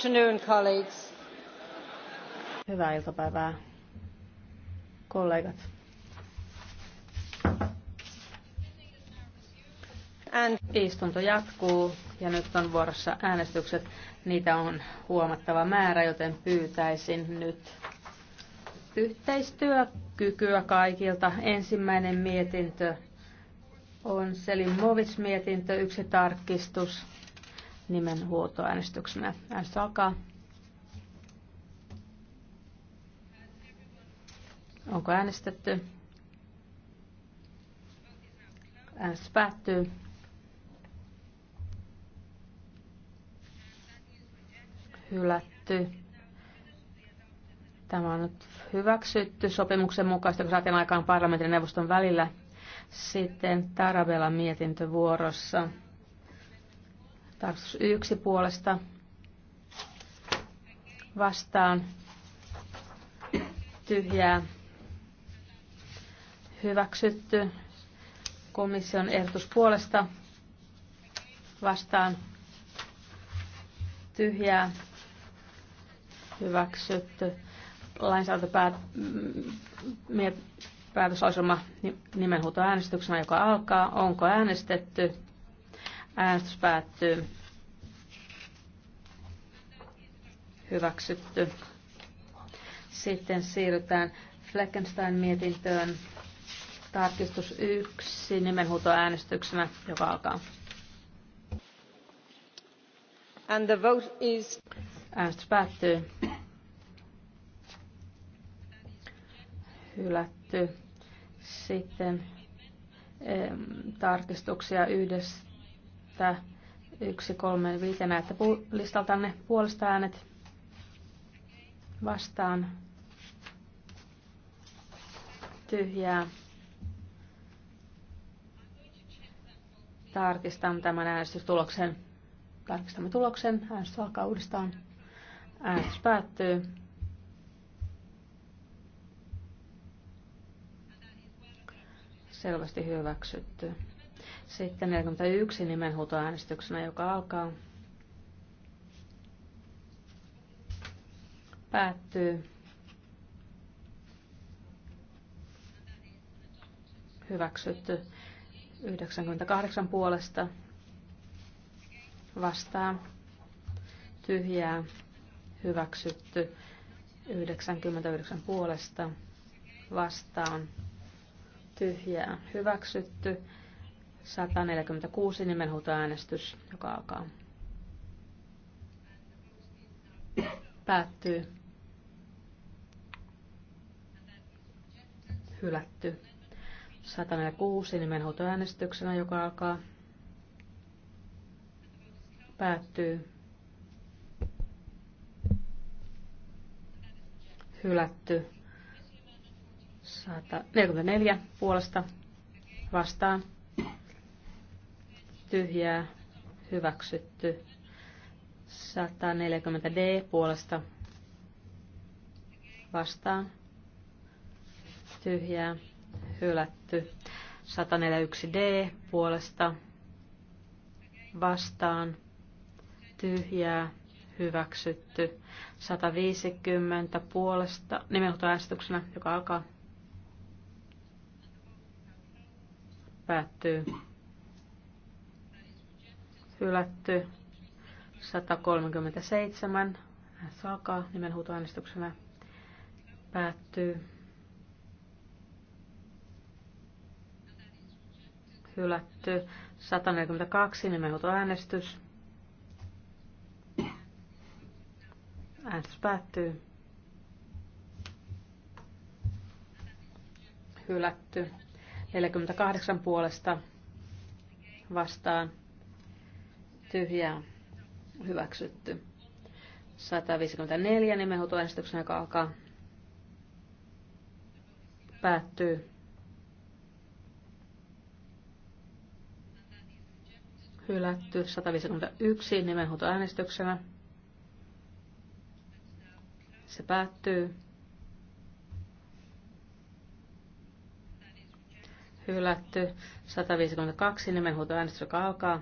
afternoon, colleagues. Hyvää iltapäivää, kollegat. And istunto jatkuu ja nyt on vuorossa äänestykset. Niitä on huomattava määrä, joten pyytäisin nyt yhteistyökykyä kaikilta. Ensimmäinen mietintö on Selimovic-mietintö, yksi tarkistus nimen huoltoäänestyksenä. Äänestys alkaa. Onko äänestetty? Äänestys päättyy. Hylätty. Tämä on nyt hyväksytty sopimuksen mukaista, kun saatiin aikaan parlamentin neuvoston välillä. Sitten Tarabella mietintövuorossa. vuorossa. Tarkistus yksi puolesta vastaan tyhjää hyväksytty. Komission ehdotus puolesta vastaan tyhjää hyväksytty. Lainsäädäntöpäätöslauselma nimenhuutoäänestyksenä, joka alkaa. Onko äänestetty? Äänestys päättyy. Hyväksytty. Sitten siirrytään Fleckenstein-mietintöön. Tarkistus 1 nimenhuutoäänestyksenä, joka alkaa. And the vote is... Äänestys päättyy. Hylätty. Sitten tarkistuksia yhdestä äänestää yksi, kolme, viisi. Näette listaltanne puolesta äänet vastaan. Tyhjää. Tarkistan tämän äänestystuloksen. Tarkistamme tuloksen. Äänestys alkaa uudestaan. Äänestys päättyy. Selvästi hyväksytty. Sitten 41 nimenhuutoäänestyksenä, joka alkaa. Päättyy. Hyväksytty 98 puolesta. vastaa, Tyhjää. Hyväksytty 99 puolesta. Vastaan. Tyhjää. Hyväksytty 146 nimenhuutoäänestys, joka alkaa. Päättyy. Hylätty. 146 nimenhuutoäänestyksenä, joka alkaa. Päättyy. Hylätty. 144 puolesta vastaan tyhjää hyväksytty. 140D puolesta vastaan tyhjää hylätty. 141D puolesta vastaan tyhjää hyväksytty. 150 puolesta nimenhuutoäänestyksenä, joka alkaa päättyy hylätty. 137. Äänestys alkaa nimenhuutoäänestyksenä. Päättyy. Hylätty. 142. Nimenhuutoäänestys. Äänestys päättyy. Hylätty. 48 puolesta vastaan tyhjää hyväksytty. 154 nimenhuutoäänestyksen, joka alkaa päättyy. Hylätty 151 nimenhuutoäänestyksenä. Se päättyy. Hylätty 152 nimenhuutoäänestys, joka alkaa.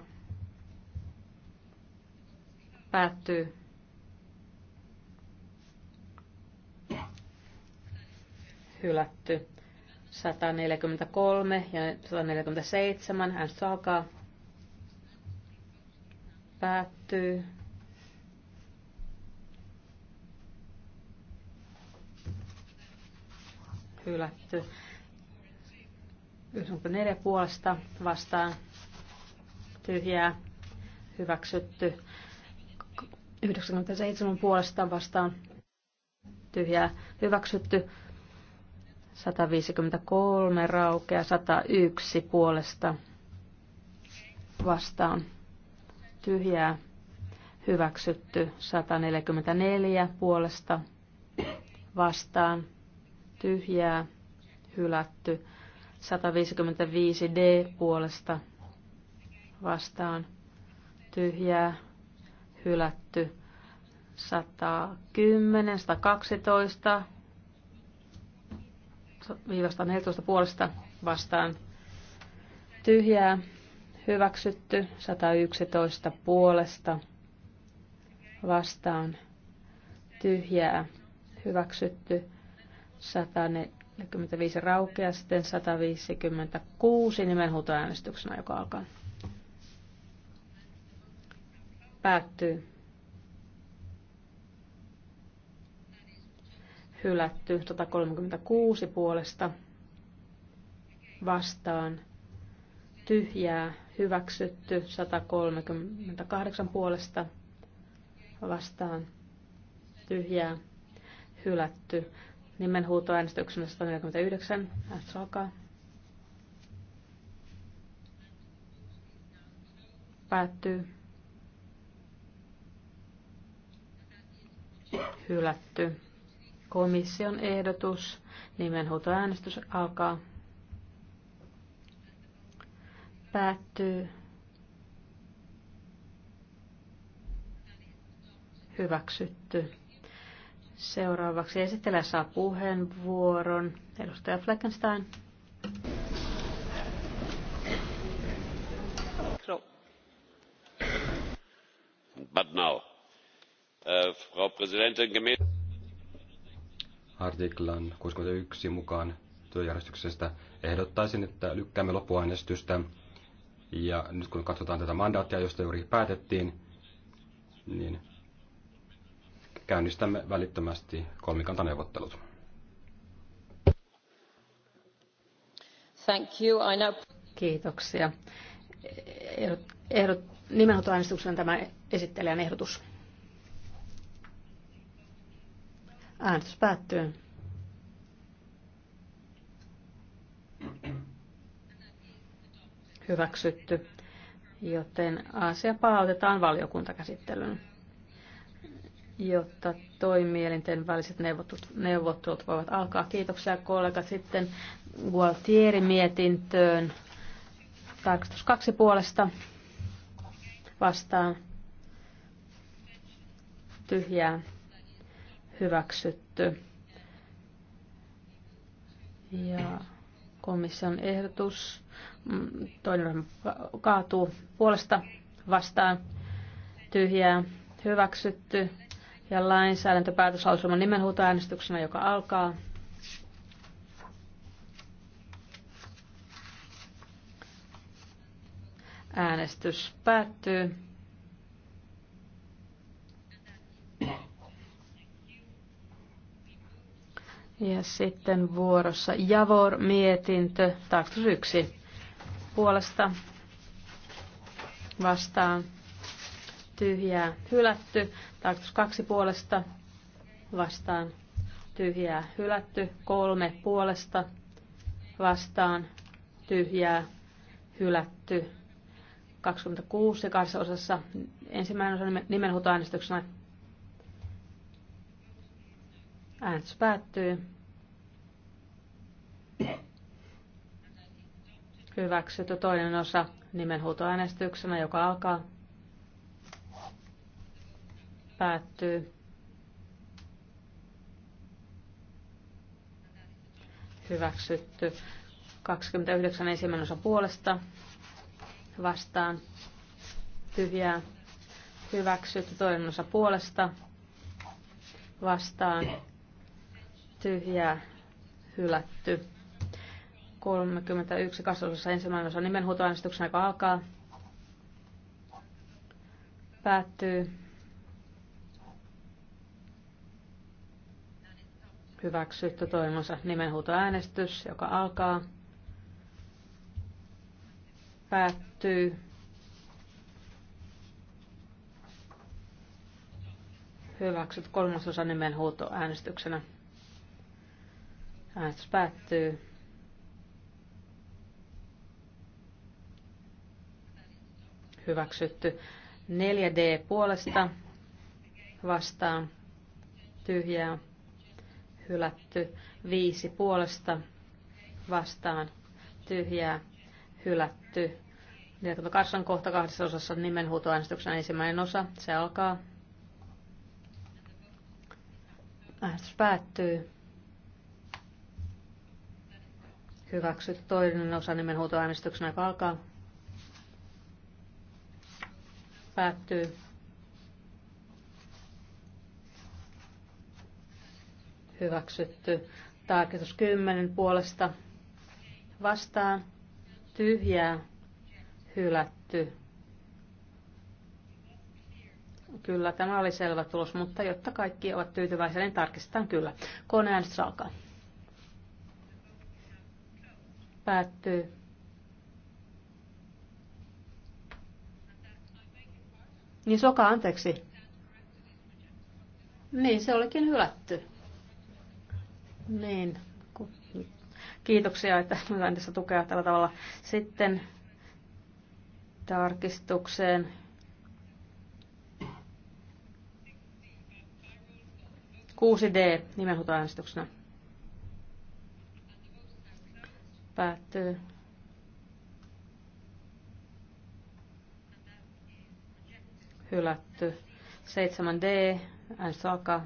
Päättyy. Hylätty. 143 ja 147. Äänestys alkaa. Päättyy. Hylätty. 94 puolesta vastaan tyhjää hyväksytty 97 puolesta vastaan tyhjää hyväksytty. 153 raukea, 101 puolesta vastaan tyhjää hyväksytty, 144 puolesta vastaan tyhjää hylätty, 155 D puolesta vastaan tyhjää hylätty. 110, 112, 114 puolesta vastaan tyhjää, hyväksytty, 111 puolesta vastaan tyhjää, hyväksytty, 145 raukea, sitten 156 nimenhuutoäänestyksenä, joka alkaa. Päättyy. Hylätty 136 puolesta vastaan. Tyhjää hyväksytty 138 puolesta vastaan. Tyhjää hylätty. äänestyksenä 149. alkaa. Päättyy. Hylätty. Komission ehdotus. Nimenhuutoäänestys alkaa. Päättyy. Hyväksytty. Seuraavaksi esittelijä saa puheenvuoron edustaja Fleckenstein. Artiklan 61 mukaan työjärjestyksestä ehdottaisin, että lykkäämme loppuäänestystä. Ja nyt kun katsotaan tätä mandaattia, josta juuri päätettiin, niin käynnistämme välittömästi kolmikantaneuvottelut. Thank you. I know... Kiitoksia. Ehdot, ehdot, nimenhoitoäänestyksen tämä esittelijän ehdotus. Äänestys päättyy. Hyväksytty. Joten asia palautetaan valiokuntakäsittelyyn, jotta toimielinten väliset neuvottelut, neuvottelut voivat alkaa. Kiitoksia kollegat. Sitten Gualtieri-mietintöön. Tarkastus kaksi puolesta vastaan tyhjää hyväksytty. Ja komission ehdotus, mm, toinen ryhmä kaatuu puolesta vastaan, tyhjää hyväksytty. Ja lainsäädäntöpäätöslauselman nimenhuutoäänestyksenä, joka alkaa. Äänestys päättyy. Ja sitten vuorossa Javor mietintö, taakse yksi puolesta vastaan tyhjää hylätty, taakse kaksi puolesta vastaan tyhjää hylätty, kolme puolesta vastaan tyhjää hylätty. 26 ja kahdessa osassa ensimmäinen osa nimenhuutoäänestyksenä Äänestys päättyy. Hyväksytty toinen osa nimenhuutoäänestyksenä, joka alkaa. Päättyy. Hyväksytty. 29 ensimmäinen osa puolesta. Vastaan. Tyhjää. Hyväksytty toinen osa puolesta. Vastaan tyhjää hylätty. 31 kasvatusosa ensimmäinen osa nimenhuutoäänestyksen aika alkaa. Päättyy. Hyväksytty toimonsa nimenhuutoäänestys, joka alkaa. Päättyy. Hyväksyt kolmasosa nimenhuutoäänestyksenä. äänestyksenä. Äänestys päättyy. Hyväksytty. 4D puolesta vastaan tyhjää hylätty. 5 puolesta vastaan tyhjää hylätty. 42 on kohta kahdessa osassa nimenhuutoäänestyksen ensimmäinen osa. Se alkaa. Äänestys päättyy. Hyväksyt toinen osa nimenhuutoäänestyksen aika alkaa. Päättyy. Hyväksytty. Tarkistus 10 puolesta. Vastaan. Tyhjää. Hylätty. Kyllä, tämä oli selvä tulos, mutta jotta kaikki ovat tyytyväisiä, niin tarkistetaan kyllä. Koneäänestys alkaa. Päättyy. Niin soka, anteeksi. Niin, se olikin hylätty. Niin. Kiitoksia, että sain tässä tukea tällä tavalla. Sitten tarkistukseen. Kuusi D nimenhuutoäänestyksenä. Päättyy. Hylätty. 7D. Äänestys Saka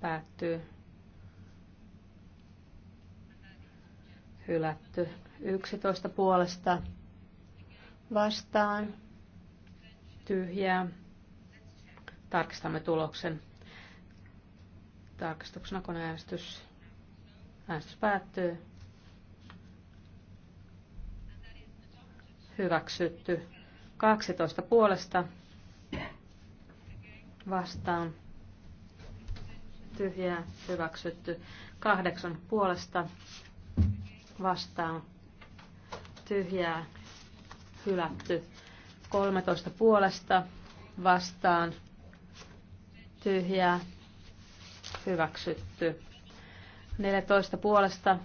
Päättyy. Hylätty. 11 puolesta vastaan, tyhjää. Tarkistamme tuloksen tarkastuksena, kun äänestys, äänestys päättyy. Hyväksytty. 12 puolesta vastaan. Tyhjää hyväksytty. 8 puolesta vastaan. Tyhjää hylätty. 13 puolesta vastaan tyhjää hyväksytty. 14 puolesta.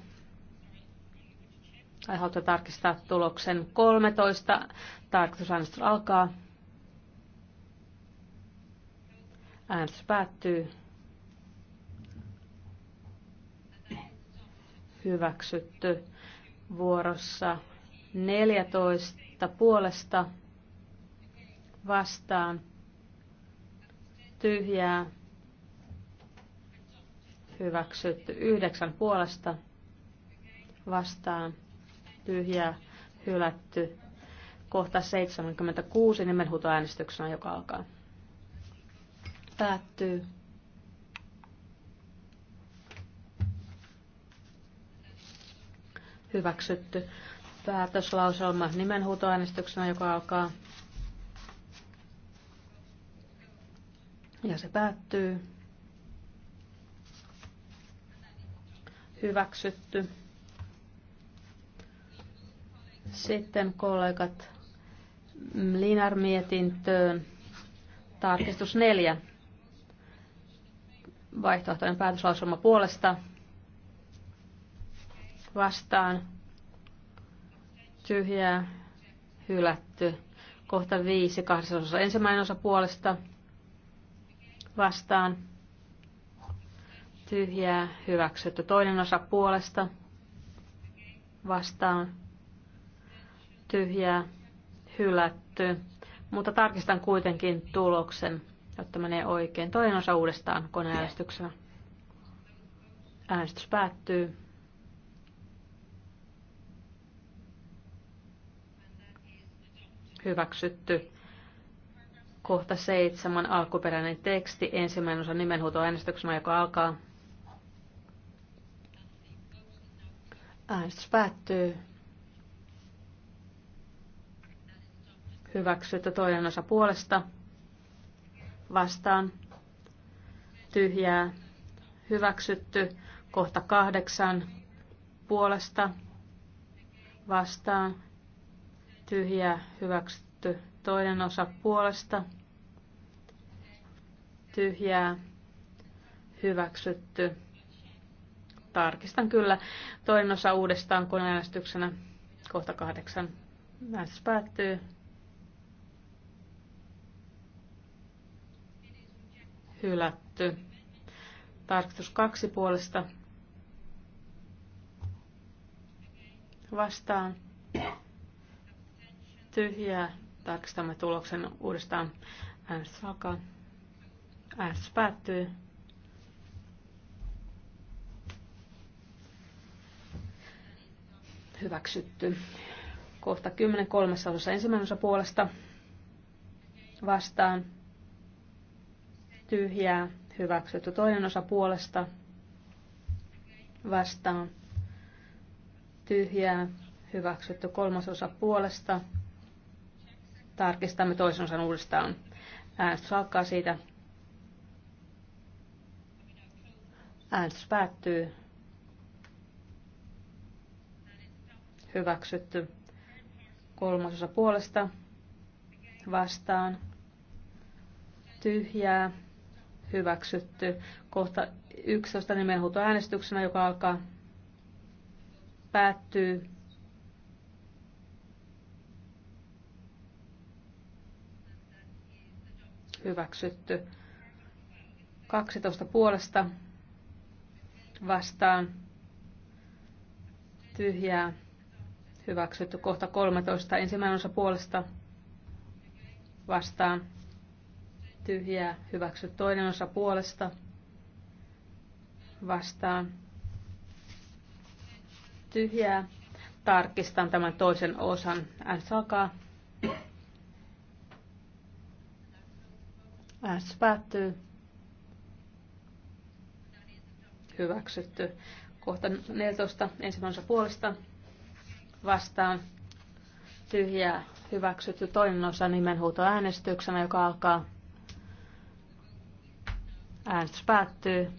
Ai haluatte tarkistaa tuloksen 13. Tarkistusäänestys alkaa. Äänestys päättyy. Hyväksytty. Vuorossa 14 puolesta vastaan tyhjää hyväksytty yhdeksän puolesta vastaan tyhjä hylätty kohta 76 nimenhuutoäänestyksenä, joka alkaa. Päättyy. Hyväksytty. Päätöslauselma nimenhuutoäänestyksenä, joka alkaa. Ja se päättyy. hyväksytty. Sitten kollegat Linar mietintöön. Tarkistus neljä. Vaihtoehtoinen päätöslauselma puolesta. Vastaan. Tyhjää. Hylätty. Kohta viisi kahdessa osassa. Ensimmäinen osa puolesta. Vastaan tyhjää, hyväksytty. Toinen osa puolesta, vastaan, tyhjää, hylätty. Mutta tarkistan kuitenkin tuloksen, jotta menee oikein. Toinen osa uudestaan koneäänestyksellä. Äänestys päättyy. Hyväksytty. Kohta seitsemän alkuperäinen teksti, ensimmäinen osa nimenhuutoäänestyksenä, joka alkaa. Äänestys päättyy. Hyväksytty toinen osa puolesta. Vastaan. Tyhjää. Hyväksytty. Kohta kahdeksan. Puolesta. Vastaan. Tyhjää. Hyväksytty. Toinen osa puolesta. Tyhjää. Hyväksytty tarkistan kyllä toinen osa uudestaan koneäänestyksenä. Kohta kahdeksan. Äänestys päättyy. Hylätty. Tarkistus kaksi puolesta. Vastaan. Tyhjää. Tarkistamme tuloksen uudestaan. Äänestys alkaa. Äänestys päättyy. hyväksytty. Kohta 10 kolmessa osassa ensimmäinen osa puolesta vastaan tyhjää hyväksytty. Toinen osa puolesta vastaan tyhjää hyväksytty. Kolmas osa puolesta tarkistamme toisen osan uudestaan. Äänestys alkaa siitä. Äänestys päättyy. hyväksytty. Kolmasosa puolesta vastaan tyhjää hyväksytty. Kohta 11 nimenhuutoäänestyksenä, joka alkaa päättyy. Hyväksytty. 12 puolesta vastaan tyhjää Hyväksytty kohta 13. Ensimmäinen osa puolesta vastaan. Tyhjää. Hyväksytty toinen osa puolesta vastaan. Tyhjää. Tarkistan tämän toisen osan. S alkaa. S päättyy. Hyväksytty. Kohta 14. Ensimmäisen osa puolesta vastaan tyhjää hyväksytty toinen osa äänestyksenä joka alkaa. Äänestys päättyy.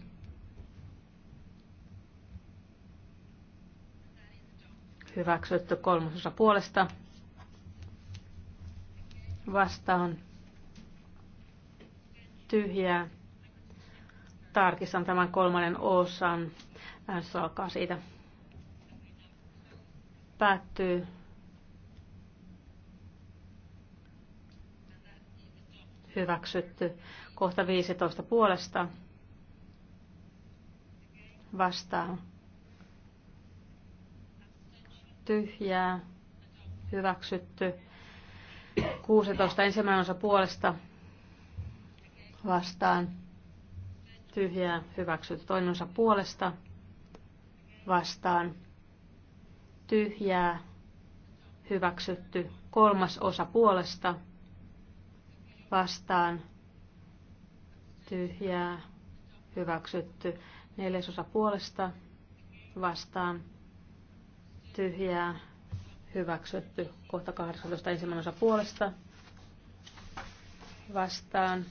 Hyväksytty kolmasosa puolesta. Vastaan tyhjää. Tarkistan tämän kolmannen osan. Äänestys alkaa siitä. Päättyy. Hyväksytty. Kohta 15 puolesta. Vastaan. Tyhjää. Hyväksytty. 16 ensimmäinen osa puolesta vastaan. Tyhjää hyväksytty toinen osa puolesta vastaan tyhjää, hyväksytty. Kolmas osa puolesta, vastaan, tyhjää, hyväksytty. neljäs osa puolesta, vastaan, tyhjää, hyväksytty. Kohta 18 ensimmäinen osa puolesta, vastaan,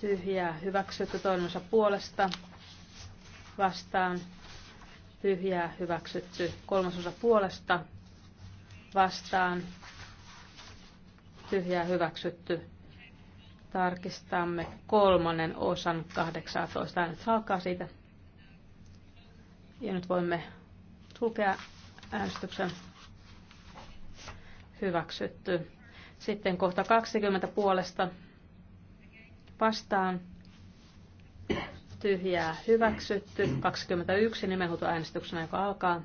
tyhjää, hyväksytty. Toinen osa puolesta, vastaan, tyhjää hyväksytty. Kolmasosa puolesta vastaan tyhjää hyväksytty. Tarkistamme kolmannen osan 18. Nyt alkaa siitä. Ja nyt voimme sulkea äänestyksen hyväksytty. Sitten kohta 20 puolesta vastaan tyhjää hyväksytty. 21 nimenhuutoäänestyksenä, joka alkaa.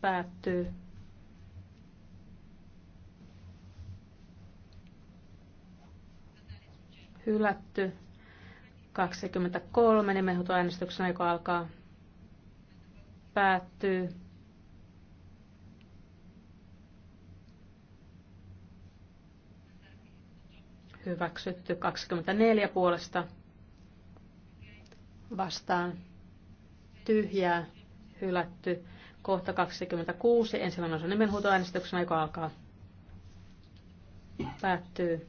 Päättyy. Hylätty. 23 nimenhuutoäänestyksenä, joka alkaa. Päättyy. hyväksytty 24 puolesta vastaan tyhjää hylätty kohta 26 ensimmäinen osa nimenhuutoäänestyksen aika alkaa päättyy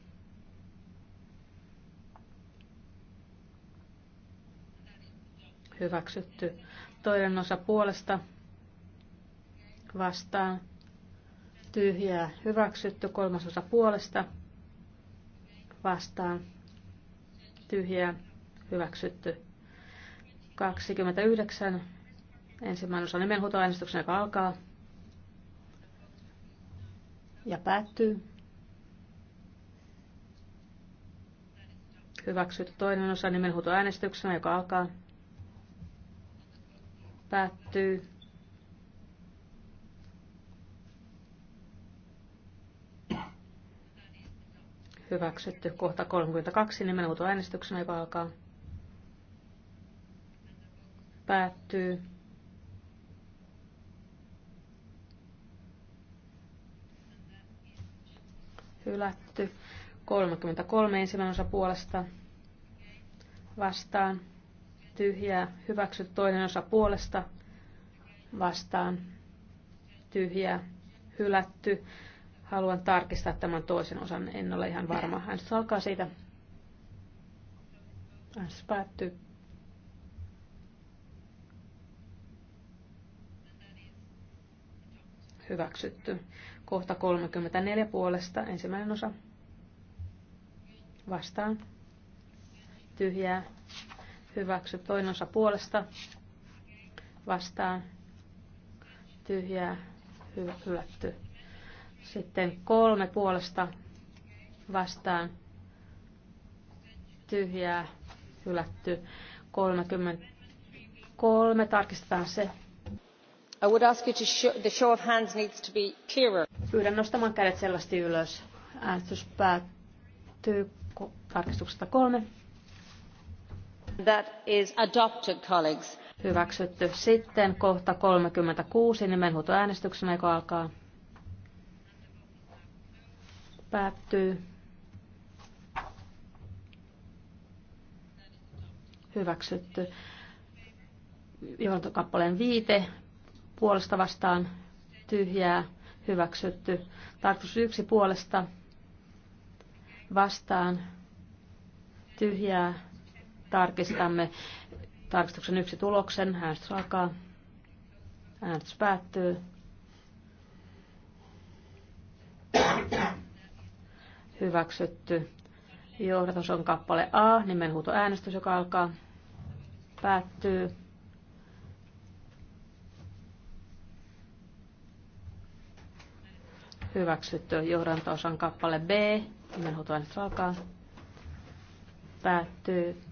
hyväksytty toinen osa puolesta vastaan tyhjää hyväksytty osa puolesta vastaan tyhjää hyväksytty. 29. Ensimmäinen osa nimenhuutoäänestyksen, joka alkaa ja päättyy. Hyväksytty toinen osa nimenhuutoäänestyksenä, joka alkaa, päättyy. hyväksytty. Kohta 32 äänestyksenä joka alkaa. Päättyy. Hylätty. 33 ensimmäinen osa puolesta. Vastaan. Tyhjää. Hyväksytty toinen osa puolesta. Vastaan. Tyhjää. Hylätty. Haluan tarkistaa tämän toisen osan, en ole ihan varma. Hän alkaa siitä. Hän päättyy. Hyväksytty. Kohta 34 puolesta, ensimmäinen osa. Vastaan. Tyhjää. Hyväksy toinen osa puolesta. Vastaan. Tyhjää. Hylätty sitten kolme puolesta vastaan tyhjää hylätty 33. Tarkistetaan se. I would ask you to show, the show of hands needs to be clearer. Pyydän nostamaan kädet selvästi ylös. Äänestys päättyy tarkistuksesta kolme. That is adopted, colleagues. Hyväksytty. Sitten kohta 36 nimenhuutoäänestyksenä, joka alkaa. Päättyy. Hyväksytty. Johdantokappaleen viite. Puolesta vastaan tyhjää. Hyväksytty. Tarkoitus yksi puolesta vastaan tyhjää. Tarkistamme tarkistuksen yksi tuloksen. Äänestys alkaa. Äänestys päättyy hyväksytty. Johdatus on kappale A, nimenhuuto äänestys, joka alkaa, päättyy. Hyväksytty on kappale B, nimenhuuto äänestys alkaa, päättyy.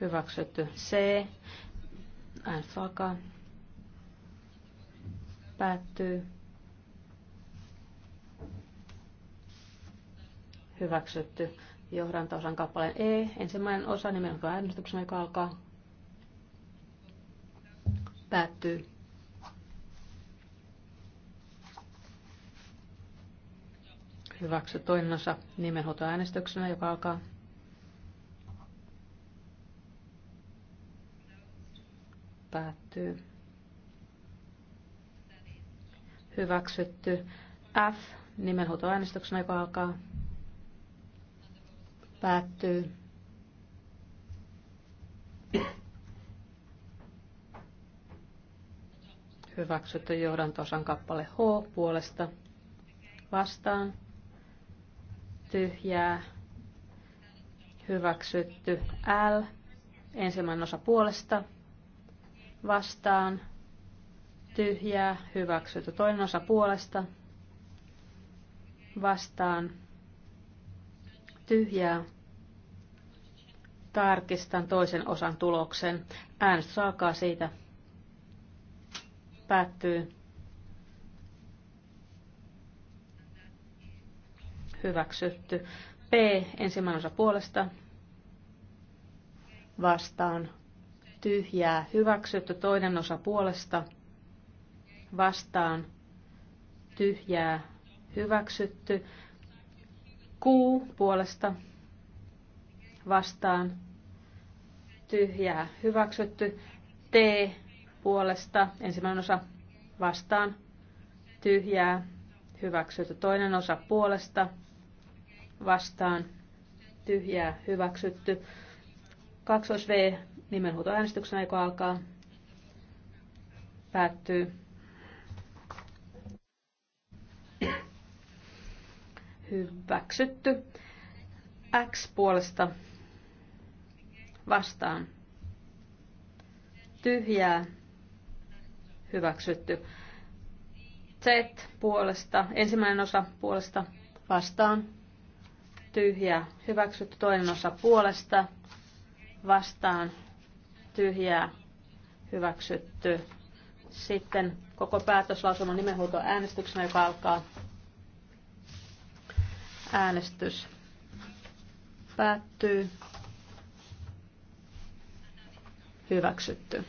Hyväksytty C, äänestys alkaa. Päättyy. Hyväksytty. Johdanto-osan kappaleen E. Ensimmäinen osa nimen äänestyksen, joka alkaa. Päättyy. hyväksy toinen osa nimenhuutoäänestyksenä, joka alkaa. Päättyy. hyväksytty. F nimenhuutoäänestyksen aika alkaa. Päättyy. Hyväksytty johdantosan kappale H puolesta. Vastaan. Tyhjää. Hyväksytty L. Ensimmäinen osa puolesta. Vastaan tyhjää, hyväksytty. Toinen osa puolesta, vastaan, tyhjää. Tarkistan toisen osan tuloksen. Äänestys alkaa siitä. Päättyy. Hyväksytty. P, ensimmäinen osa puolesta. Vastaan. Tyhjää. Hyväksytty. Toinen osa puolesta vastaan tyhjää hyväksytty. kuu puolesta vastaan tyhjää hyväksytty. T puolesta ensimmäinen osa vastaan tyhjää hyväksytty. Toinen osa puolesta vastaan tyhjää hyväksytty. 2 V nimenhuutoäänestyksen aika alkaa. Päättyy. Hyväksytty. X puolesta vastaan. Tyhjää. Hyväksytty. Z puolesta, ensimmäinen osa puolesta vastaan. Tyhjää. Hyväksytty toinen osa puolesta vastaan. Tyhjää. Hyväksytty. Sitten koko päätöslausuma nimenhuuto äänestyksenä, joka alkaa Äänestys päättyy. Hyväksytty.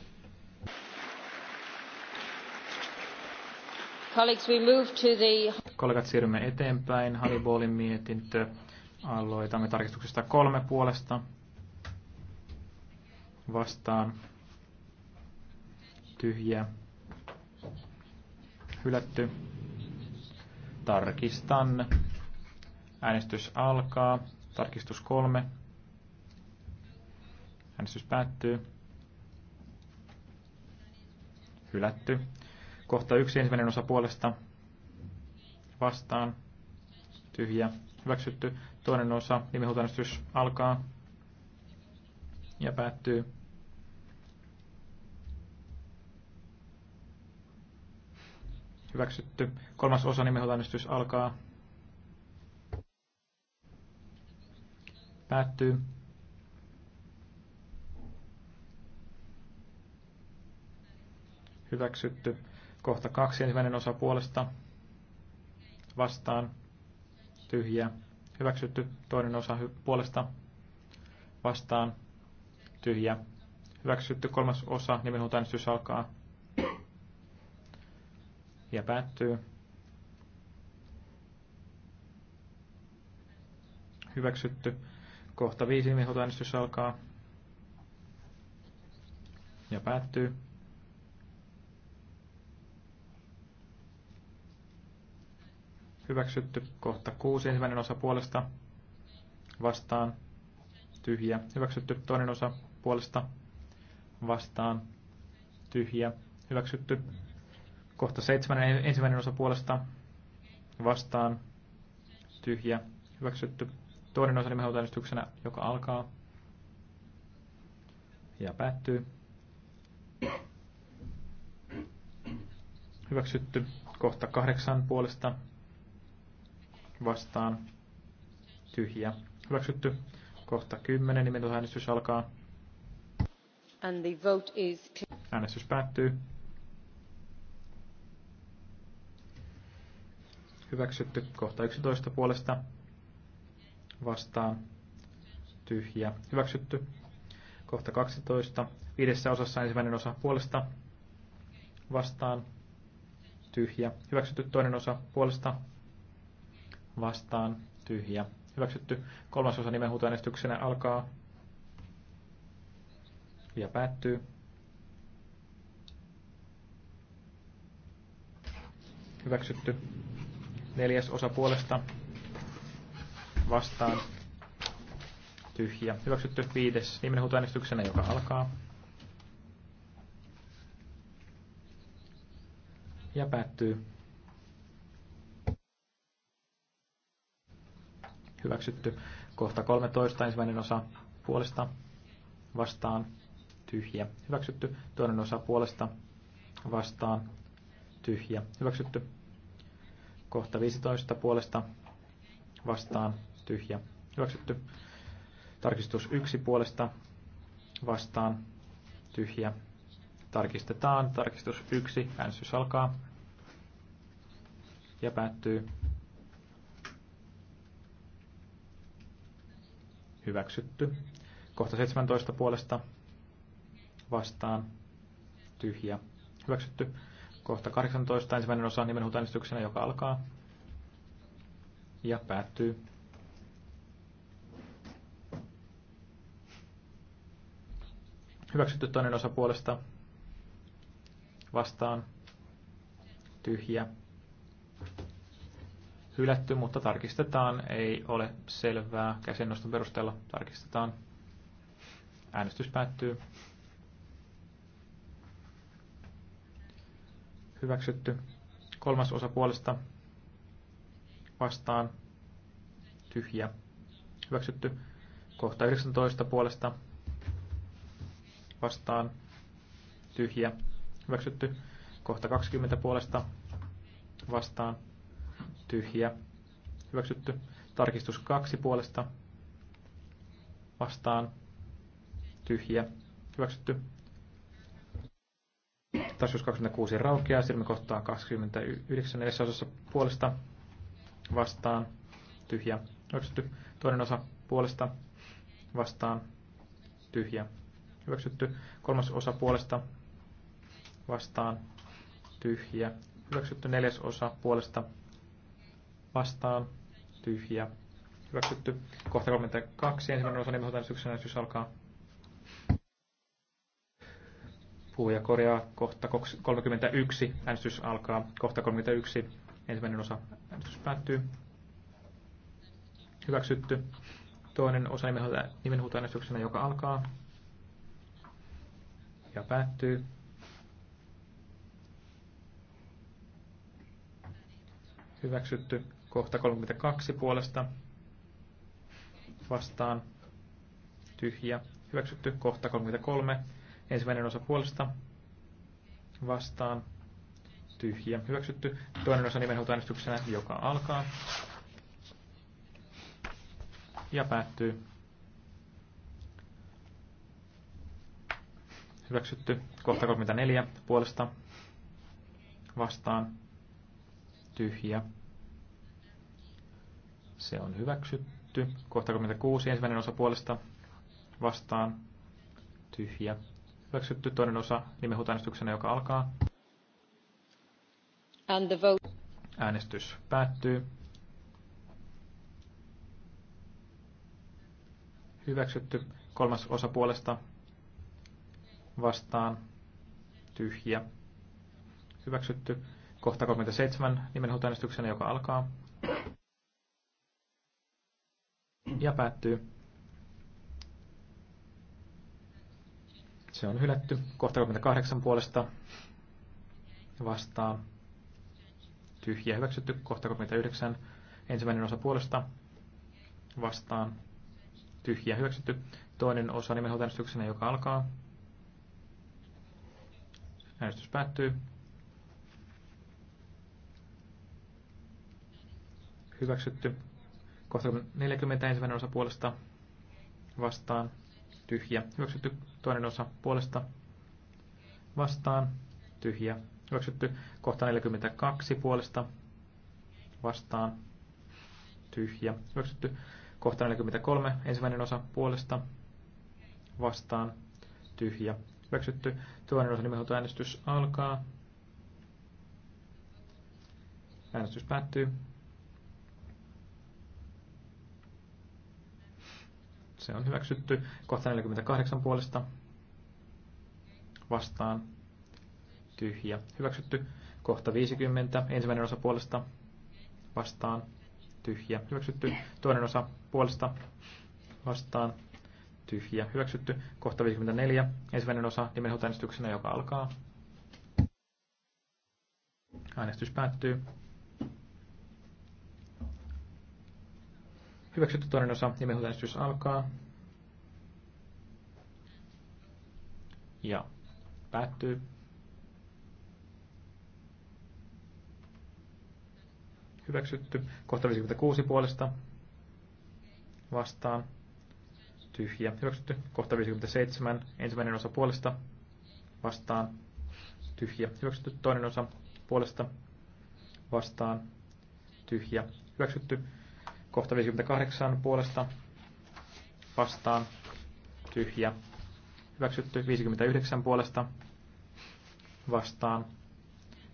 Kollegat, siirrymme eteenpäin. Hannibalin mietintö. Aloitamme tarkistuksesta kolme puolesta. Vastaan. Tyhjä. Hylätty. Tarkistan. Äänestys alkaa. Tarkistus kolme. Äänestys päättyy. Hylätty. Kohta yksi ensimmäinen osa puolesta. Vastaan. Tyhjä. Hyväksytty. Toinen osa. Nimenhuutoäänestys alkaa. Ja päättyy. Hyväksytty. Kolmas osa nimenhuutoäänestys alkaa. Päättyy. Hyväksytty. Kohta kaksi ensimmäinen osa puolesta. Vastaan. Tyhjä. Hyväksytty. Toinen osa puolesta. Vastaan. Tyhjä. Hyväksytty. Kolmas osa. Nimenhuutoäänestys alkaa. Ja päättyy. hyväksytty. Kohta viisi mehutäänestys alkaa ja päättyy. Hyväksytty. Kohta kuusi ensimmäinen osa puolesta vastaan tyhjä. Hyväksytty toinen osa puolesta vastaan tyhjä. Hyväksytty. Kohta seitsemän ensimmäinen osa puolesta vastaan tyhjä. Hyväksytty Toinen osa nimenhoitajärjestyksenä, joka alkaa ja päättyy. Hyväksytty. Kohta kahdeksan puolesta vastaan tyhjä. Hyväksytty. Kohta kymmenen. nimenhoitajärjestys alkaa. And the vote is... Äänestys päättyy. Hyväksytty. Kohta 11 puolesta vastaan tyhjä hyväksytty. Kohta 12. Viidessä osassa ensimmäinen osa puolesta vastaan tyhjä hyväksytty. Toinen osa puolesta vastaan tyhjä hyväksytty. Kolmas osa nimenhuutoäänestyksenä alkaa ja päättyy. Hyväksytty. Neljäs osa puolesta vastaan. Tyhjä. Hyväksytty viides. Viimeinen huuto äänestyksenä, joka alkaa. Ja päättyy. Hyväksytty. Kohta 13. Ensimmäinen osa puolesta vastaan. Tyhjä. Hyväksytty. Toinen osa puolesta vastaan. Tyhjä. Hyväksytty. Kohta 15 puolesta vastaan tyhjä hyväksytty. Tarkistus yksi puolesta vastaan tyhjä. Tarkistetaan. Tarkistus yksi Äänestys alkaa ja päättyy. Hyväksytty. Kohta 17 puolesta vastaan tyhjä. Hyväksytty. Kohta 18 ensimmäinen osa nimenhuutoäänestyksenä, joka alkaa ja päättyy. Hyväksytty toinen osa puolesta vastaan tyhjä. Hylätty, mutta tarkistetaan. Ei ole selvää. Käsennoston perusteella tarkistetaan. Äänestys päättyy. Hyväksytty. Kolmas osa puolesta vastaan tyhjä. Hyväksytty. Kohta 19 puolesta vastaan tyhjä hyväksytty. Kohta 20 puolesta vastaan tyhjä hyväksytty. Tarkistus 2 puolesta vastaan tyhjä hyväksytty. Tarkistus 26 raukeaa. Silmä kohtaa 29 neljässä osassa puolesta vastaan tyhjä hyväksytty. Toinen osa puolesta vastaan tyhjä hyväksytty. Kolmas osa puolesta vastaan tyhjä. Hyväksytty neljäs osa puolesta vastaan tyhjä. Hyväksytty. Kohta 32. Ensimmäinen osa nimenhoitoäänestyksen äänestys alkaa. Puhuja korjaa kohta 31. Äänestys alkaa. Kohta 31. Ensimmäinen osa äänestys päättyy. Hyväksytty. Toinen osa nimenhuutoäänestyksenä, joka alkaa mikä päättyy. Hyväksytty kohta 32 puolesta vastaan tyhjä. Hyväksytty kohta 33 ensimmäinen osa puolesta vastaan tyhjä. Hyväksytty toinen osa nimenhuutoäänestyksenä, joka alkaa ja päättyy. Hyväksytty. Kohta 34 puolesta. Vastaan. Tyhjä. Se on hyväksytty. Kohta 36 ensimmäinen osa puolesta. Vastaan. Tyhjä. Hyväksytty toinen osa nimenhuutoäänestyksenä, joka alkaa. And the vote. Äänestys päättyy. Hyväksytty kolmas osa puolesta vastaan tyhjä. Hyväksytty. Kohta 37 nimenhuutoäänestyksenä, joka alkaa. Ja päättyy. Se on hylätty. Kohta 38 puolesta vastaan. Tyhjä hyväksytty. Kohta 39. Ensimmäinen osa puolesta vastaan. Tyhjä hyväksytty. Toinen osa nimenhuutoäänestyksenä, joka alkaa. Äänestys päättyy. Hyväksytty. Kohta 40 ensimmäinen osa puolesta vastaan. Tyhjä. Hyväksytty. Toinen osa puolesta vastaan. Tyhjä. Hyväksytty. Kohta 42 puolesta vastaan. Tyhjä. Hyväksytty. Kohta 43 ensimmäinen osa puolesta vastaan. Tyhjä Hyväksytty. Toinen osa nimenhoito äänestys alkaa. Äänestys päättyy. Se on hyväksytty. Kohta 48 puolesta. Vastaan. Tyhjä. Hyväksytty. Kohta 50. Ensimmäinen osa puolesta. Vastaan. Tyhjä. Hyväksytty. Toinen osa puolesta. Vastaan tyhjiä. hyväksytty. Kohta 54, ensimmäinen osa nimenhuutoäänestyksenä, joka alkaa. Äänestys päättyy. Hyväksytty toinen osa, nimenhuutoäänestys alkaa. Ja päättyy. Hyväksytty. Kohta 56 puolesta vastaan tyhjä. Hyväksytty. Kohta 57. Ensimmäinen osa puolesta vastaan tyhjä. Hyväksytty. Toinen osa puolesta vastaan tyhjä. Hyväksytty. Kohta 58 puolesta vastaan tyhjä. Hyväksytty. 59 puolesta vastaan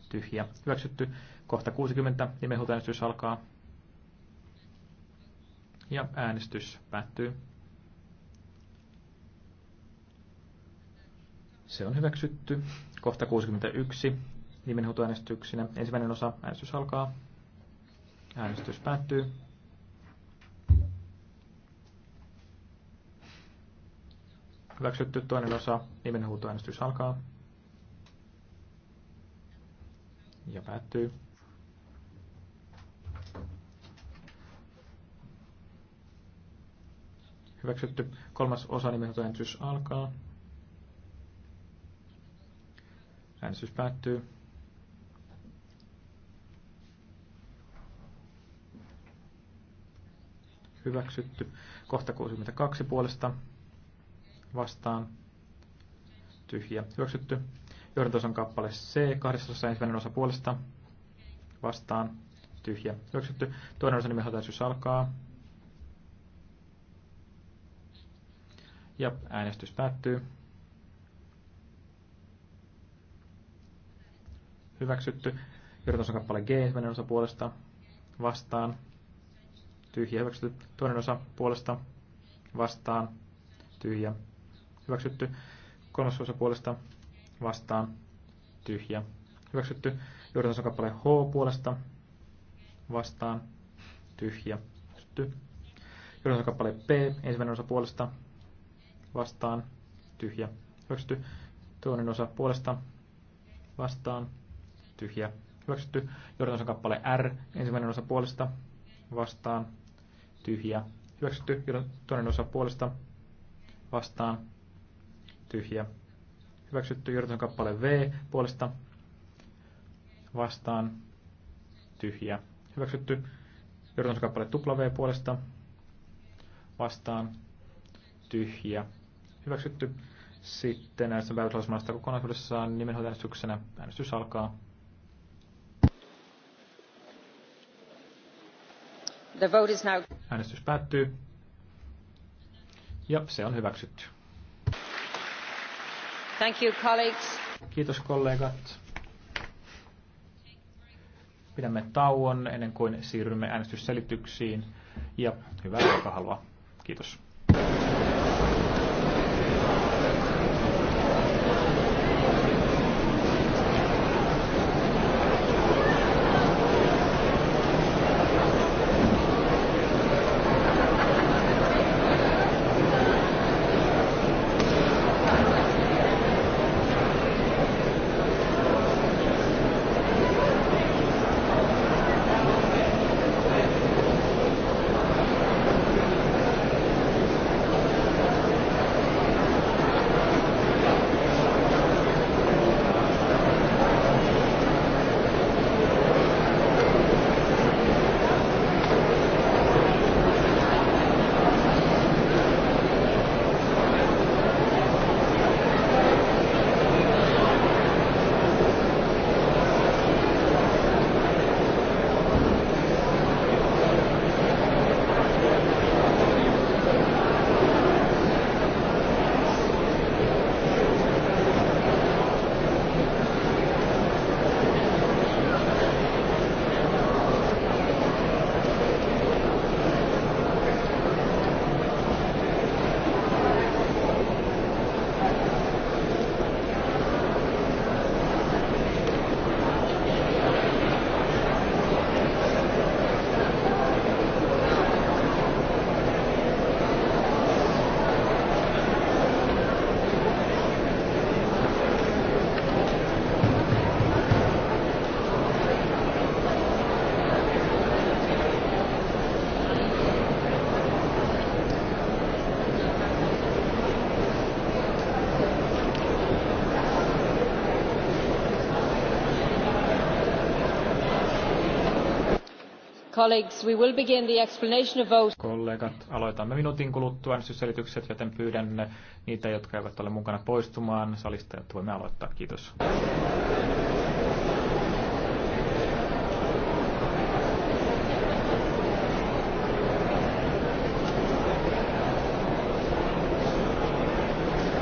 tyhjä. Hyväksytty. Kohta 60. Nimenhuutäänestys alkaa. Ja äänestys päättyy. Se on hyväksytty. Kohta 61 nimenhuutoäänestyksinä. Ensimmäinen osa. Äänestys alkaa. Äänestys päättyy. Hyväksytty toinen osa. Nimenhuutoäänestys alkaa. Ja päättyy. Hyväksytty kolmas osa nimenhuutoäänestys alkaa. Äänestys päättyy. Hyväksytty. Kohta 62 puolesta vastaan. Tyhjä. Hyväksytty. Johdantos kappale C, 12 ensimmäinen osa puolesta vastaan. Tyhjä. Hyväksytty. Toinen osa nimenhoitaisuus alkaa. Ja äänestys päättyy. hyväksytty. Johdatuksen kappale G, ensimmäinen osa puolesta vastaan. Tyhjä hyväksytty. Toinen osa puolesta vastaan. Tyhjä hyväksytty. Kolmas osa puolesta vastaan. Tyhjä hyväksytty. Johdatuksen kappale H puolesta vastaan. Tyhjä hyväksytty. Johdatuksen kappale P, ensimmäinen osa puolesta vastaan. Tyhjä hyväksytty. Toinen osa puolesta vastaan tyhjä hyväksytty. Johdannosan kappale R ensimmäinen osa puolesta vastaan tyhjä hyväksytty. Toinen osa puolesta vastaan tyhjä hyväksytty. Johdannosan kappale V puolesta vastaan tyhjä hyväksytty. Johdannosan kappale W puolesta vastaan tyhjä hyväksytty. Sitten näistä päätöslausumasta kokonaisuudessaan nimenhoitaäänestyksenä äänestys alkaa. The vote is now... Äänestys päättyy. Ja se on hyväksytty. Thank you, colleagues. Kiitos kollegat. Pidämme tauon ennen kuin siirrymme äänestysselityksiin ja hyvää ruokahalua. Kiitos. Colleagues, we will begin the explanation of vote. Kollegat, aloitamme minuutin kuluttua äänestysselitykset, joten pyydän niitä, jotka eivät ole mukana poistumaan salista, että voimme aloittaa. Kiitos.